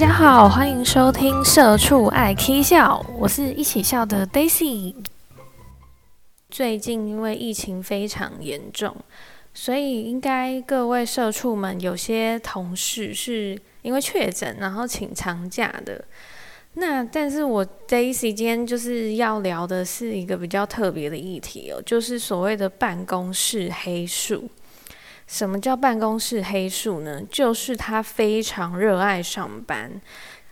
大家好，歡迎收聽《社畜愛 k 笑》，我是一起笑的 Daisy。最近因為疫情非常嚴重，所以應該各位社畜們有些同事是因為確診，然後請長假的。那但是我 Daisy 今天就是要聊的是一個比較特別的議題哦，就是所謂的辦公室黑數。什麼叫辦公室黑數呢？就是他非常熱愛上班，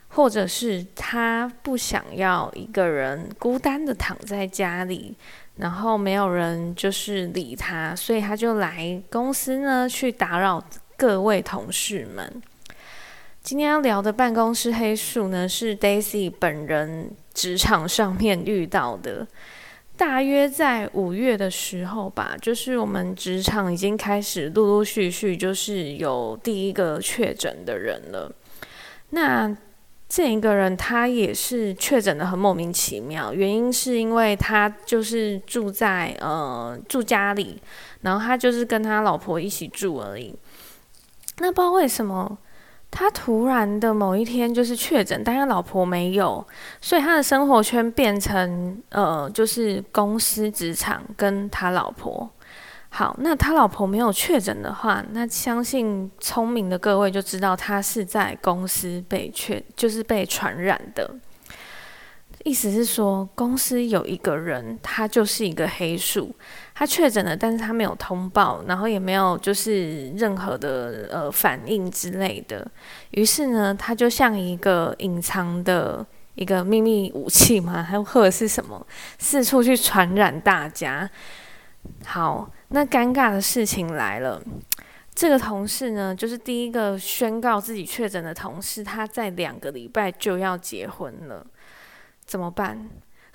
或者是他不想要一個人孤單的躺在家裡，然後沒有人就是理他，所以他就來公司呢，去打擾各位同事們。今天要聊的辦公室黑數呢，是 Daisy 本人職場上面遇到的。大約在五月的時候吧，就是我們職場已經開始陸陸續續，就是有第一個確診的人了。那這一個人他也是確診的很莫名其妙，原因是因為他就是住在呃住家裡，然後他就是跟他老婆一起住而已。那不知道為什麼。他突然的某一天就是確診，但他老婆沒有，所以他的生活圈變成呃，就是公司職場跟他老婆。好，那他老婆沒有確診的話，那相信聰明的各位就知道他是在公司被確，就是被傳染的。意思是說，公司有一個人，他就是一個黑數，他確診了，但是他沒有通報，然後也沒有就是任何的呃反應之類的。於是呢，他就像一個隱藏的一個秘密武器嘛，還有或者是什麼，四處去傳染大家。好，那尷尬的事情來了，這個同事呢，就是第一個宣告自己確診的同事，他在兩個禮拜就要結婚了。怎麼辦？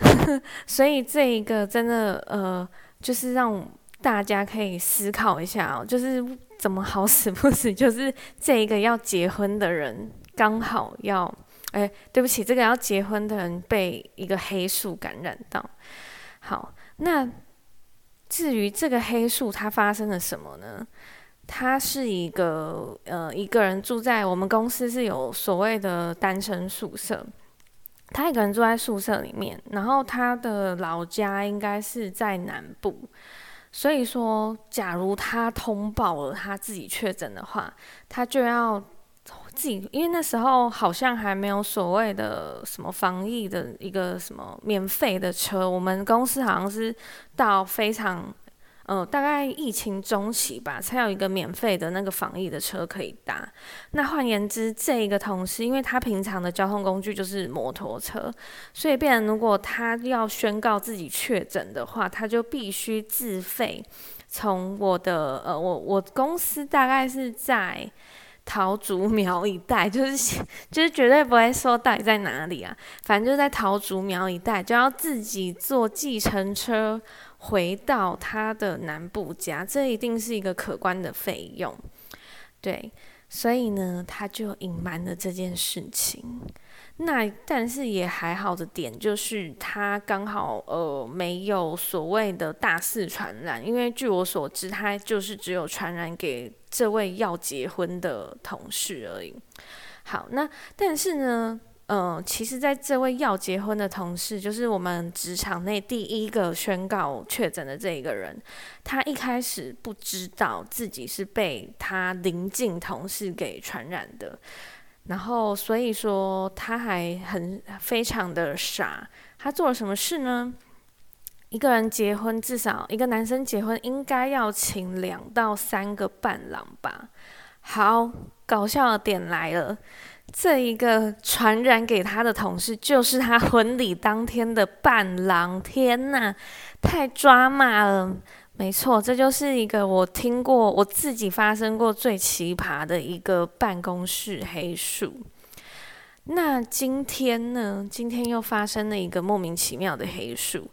所以這一個真的呃，就是讓大家可以思考一下啊，哦，就是怎麼好死不死，就是這一個要結婚的人剛好要哎，對不起，這個要結婚的人被一個黑數感染到。好，那至於這個黑數它發生了什麼呢？它是一個呃，一個人住在我們公司是有所謂的單身宿舍。他一個人住在宿舍裡面，然後他的老家應該是在南部，所以說，假如他通報了他自己確診的話，他就要自己，因為那時候好像還沒有所謂的什麼防疫的一個什麼免費的車，我們公司好像是到非常。呃，大概疫情中期吧，才有一個免費的那個防疫的車可以搭。那換言之，這一個同事，因為他平常的交通工具就是摩托車，所以變成，如果他要宣告自己確診的話，他就必須自費從我的呃，我我公司大概是在。桃竹苗一帶，就是就是絕對不會說到底在哪裡啊，反正就是在桃竹苗一帶，就要自己坐計程車回到他的南部家，這一定是一個可觀的費用，對，所以呢，他就隱瞞了這件事情。那但是也還好的點就是他，他剛好呃沒有所謂的大肆傳染，因為據我所知，他就是只有傳染給這位要結婚的同事而已。好，那但是呢，呃，其實在這位要結婚的同事，就是我們職場內第一個宣告確診的這一個人，他一開始不知道自己是被他鄰近同事給傳染的。然後，所以說他還很非常的傻。他做了什麼事呢？一個人結婚，至少一個男生結婚應該要請兩到三個伴郎吧。好，搞笑的點來了，這一個傳染給他的同事就是他婚禮當天的伴郎。天哪，太抓馬了！沒錯，這就是一個我聽過我自己發生過最奇葩的一個辦公室黑數。那今天呢？今天又發生了一個莫名其妙的黑數。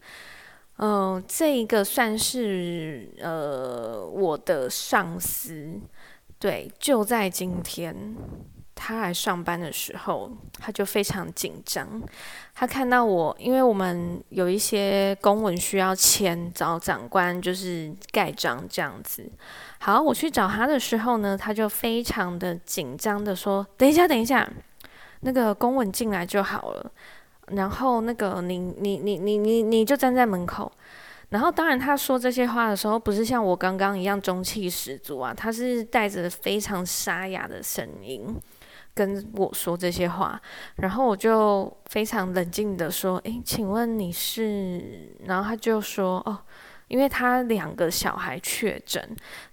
嗯、呃，這一個算是呃我的上司，對，就在今天。他來上班的時候，他就非常緊張。他看到我，因為我們有一些公文需要簽，找長官就是蓋章這樣子。好，我去找他的時候呢，他就非常的緊張地說：“等一下，等一下，那個公文進來就好了。然後那個你，你，你，你，你你就站在門口。然後當然，他說這些話的時候，不是像我剛剛一樣中氣十足啊，他是帶着非常沙啞的聲音。”跟我說這些話，然後我就非常冷靜地說：“誒、欸，請問你是？”然後他就說：“哦，因為他兩個小孩確診，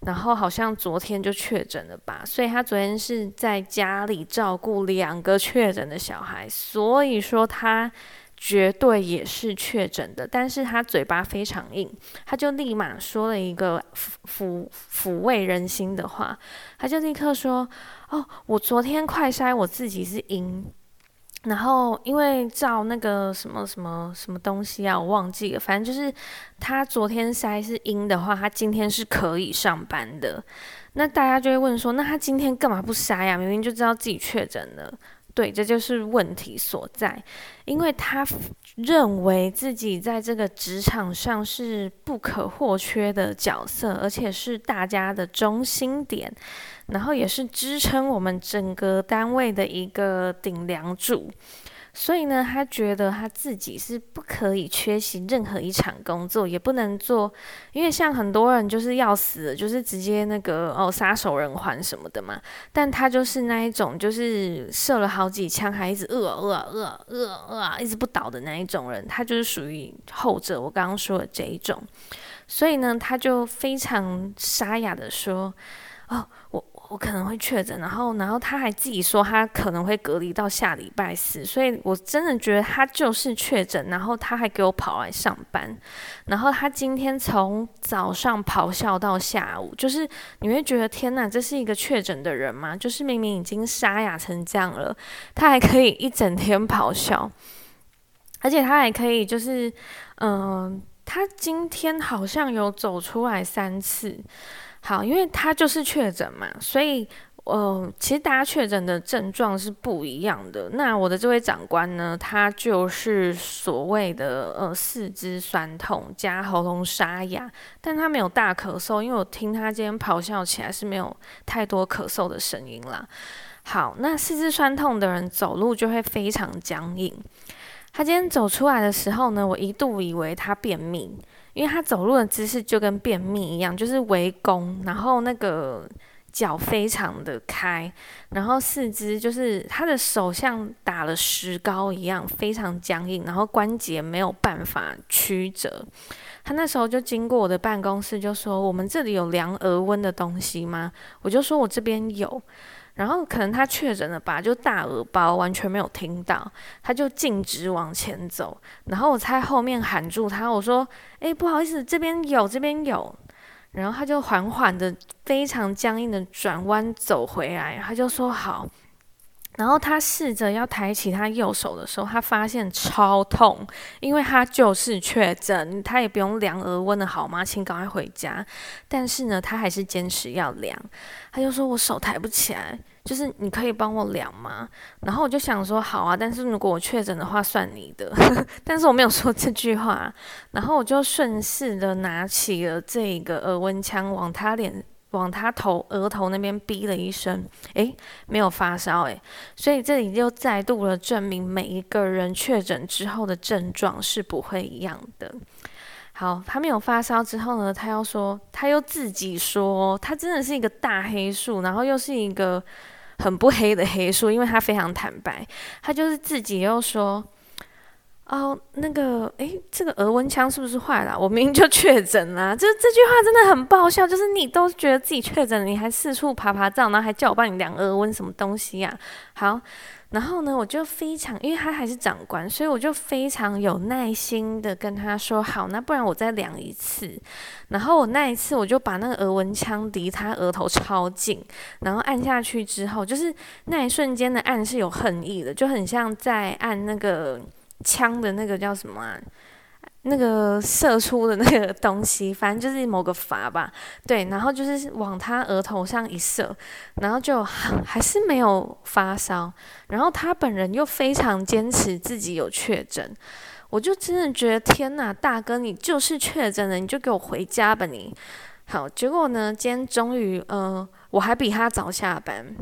然後好像昨天就確診了吧，所以他昨天是在家裡照顧兩個確診的小孩，所以說他。”絕對也是確診的，但是他嘴巴非常硬，他就立馬說了一個撫撫撫慰人心的話，他就立刻說：“哦，我昨天快篩我自己是陰，然後因為照那個什麼什麼什麼東西啊，我忘記了，反正就是他昨天篩是陰的話，他今天是可以上班的。那大家就會問說，那他今天幹嘛不篩呀、啊？明明就知道自己確診了。”對，這就是問題所在，因為他認為自己在這個職場上是不可或缺的角色，而且是大家的中心點，然後也是支撐我們整個單位的一個頂梁柱。所以呢，他覺得他自己是不可以缺席任何一場工作，也不能做，因為像很多人就是要死，就是直接那個哦，撒手人寰什麼的嘛。但他就是那一種，就是射了好幾槍還一直呃呃呃呃呃，一直不倒的那一種人，他就是屬於後者。我剛剛說的這一種，所以呢，他就非常沙啞地說：“哦，我。”我可能會確診，然後，然後他還自己說他可能會隔離到下禮拜四，所以我真的覺得他就是確診，然後他還給我跑來上班，然後他今天從早上咆哮到下午，就是你會覺得天哪，這是一個確診的人嗎？就是明明已經沙啞成這樣了，他還可以一整天咆哮，而且他還可以就是，嗯、呃，他今天好像有走出來三次。好，因為他就是確診嘛，所以呃，其實大家確診的症狀是不一樣的。那我的這位長官呢，他就是所謂的呃，四肢痠痛加喉嚨沙啞，但他沒有大咳嗽，因為我聽他今天咆哮起來是沒有太多咳嗽的聲音啦。好，那四肢痠痛的人走路就會非常僵硬。他今天走出來的時候呢，我一度以為他便秘，因為他走路的姿勢就跟便秘一樣，就是圍攻，然後那個腳非常的開，然後四肢就是他的手像打了石膏一樣，非常僵硬，然後關節沒有辦法曲折。他那時候就經過我的辦公室，就說：“我們這裡有量額溫的東西嗎？”我就說：“我這邊有。”然後可能他確診了吧，就大耳包，完全沒有聽到，他就徑直往前走。然後我在後面喊住他，我說：“誒，不好意思，這邊有，這邊有。”然後他就緩緩的、非常僵硬的轉彎走回來，他就說：“好。”然後他試着要抬起他右手的時候，他發現超痛，因為他就是確診，他也不用量額溫的好嗎？請趕快回家。但是呢，他還是堅持要量，他就說：“我手抬不起來，就是你可以幫我量嗎？”然後我就想說：“好啊。”但是如果我確診的話，算你的。 但是我沒有說這句話，然後我就順勢的拿起了這個額溫槍，往他臉。往他頭額頭那邊嗶了一聲，誒，沒有發燒，誒，所以這裡就再度了證明每一個人確診之後的症狀是不會一樣的。好，他沒有發燒之後呢，他要說，他又自己說，他真的是一個大黑數，然後又是一個很不黑的黑數，因為他非常坦白，他就是自己又說。哦，oh, 那個，誒，這個額溫槍是不是壞了啊？我明明就確診了啊，就這句話真的很爆笑。就是你都覺得自己確診了，你還四處趴趴走，然後還叫我幫你量額溫，什麼東西呀啊？好，然後呢，我就非常，因為他還是長官，所以我就非常有耐心的跟他說：“好，那不然我再量一次。”然後我那一次，我就把那個額溫槍離他額頭超近，然後按下去之後，就是那一瞬間的按是有恨意的，就很像在按那個。槍的那個叫什麼啊？那個射出的那個東西，反正就是某個閥吧。對，然後就是往他額頭上一射，然後就還是沒有發燒。然後他本人又非常堅持自己有確診，我就真的覺得天哪，大哥，你就是確診了，你就給我回家吧，你。好，結果呢？今天終於，嗯，呃，我還比他早下班。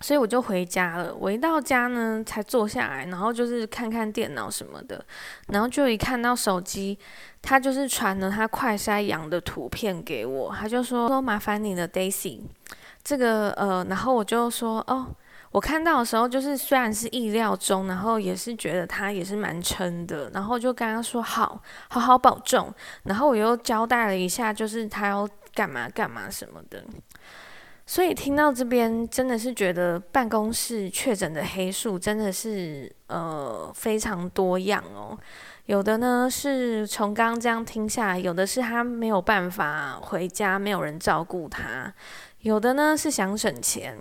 所以我就回家了。我一到家呢，才坐下來，然後就是看看電腦什麼的，然後就一看到手機，他就是傳了他快篩陽的圖片給我。他就說：“說麻煩你了，Daisy。”這個呃，然後我就說：“哦，我看到的時候就是雖然是意料中，然後也是覺得他也是蠻撐的，然後就跟他說好好好保重，然後我又交代了一下，就是他要幹嘛幹嘛什麼的。”所以聽到這邊，真的是覺得辦公室確診的黑數真的是呃非常多樣哦。有的呢是從剛剛這樣聽下來，有的是他沒有辦法回家，沒有人照顧他；有的呢是想省錢；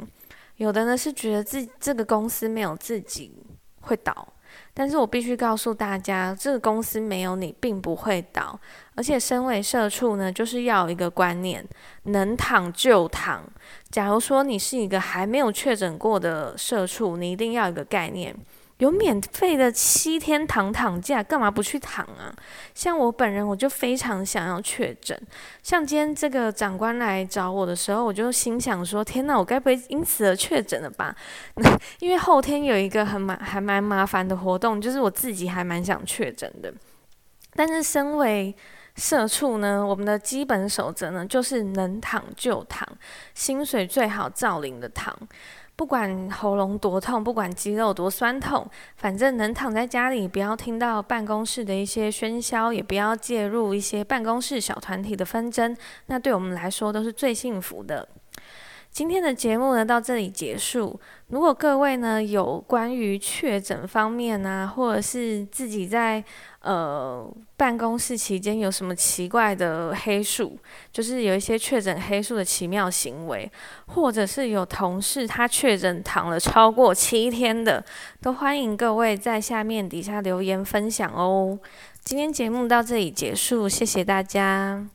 有的呢是覺得自這個公司沒有自己會倒。但是我必須告訴大家，這個公司沒有你並不會倒，而且身為社畜呢，就是要有一個觀念，能躺就躺。假如說你是一個還沒有確診過的社畜，你一定要有一個概念。有免費的七天躺躺假，幹嘛不去躺啊？像我本人，我就非常想要確診。像今天這個長官來找我的時候，我就心想說：“天哪，我該不會因此而確診了吧？”因為後天有一個很麻還蠻麻煩的活動，就是我自己還蠻想確診的。但是，身為……社畜呢，我們的基本守則呢，就是能躺就躺，薪水最好照領的躺。不管喉嚨多痛，不管肌肉多酸痛，反正能躺在家裡，不要聽到辦公室的一些喧囂，也不要介入一些辦公室小團體的紛爭，那對我們來說都是最幸福的。今天的節目呢，到這裡結束。如果各位呢有關於確診方面呢、啊，或者是自己在呃辦公室期間有什麼奇怪的黑數，就是有一些確診黑數的奇妙行為，或者是有同事他確診躺了超過七天的，都歡迎各位在下面底下留言分享哦。今天節目到這裡結束，謝謝大家。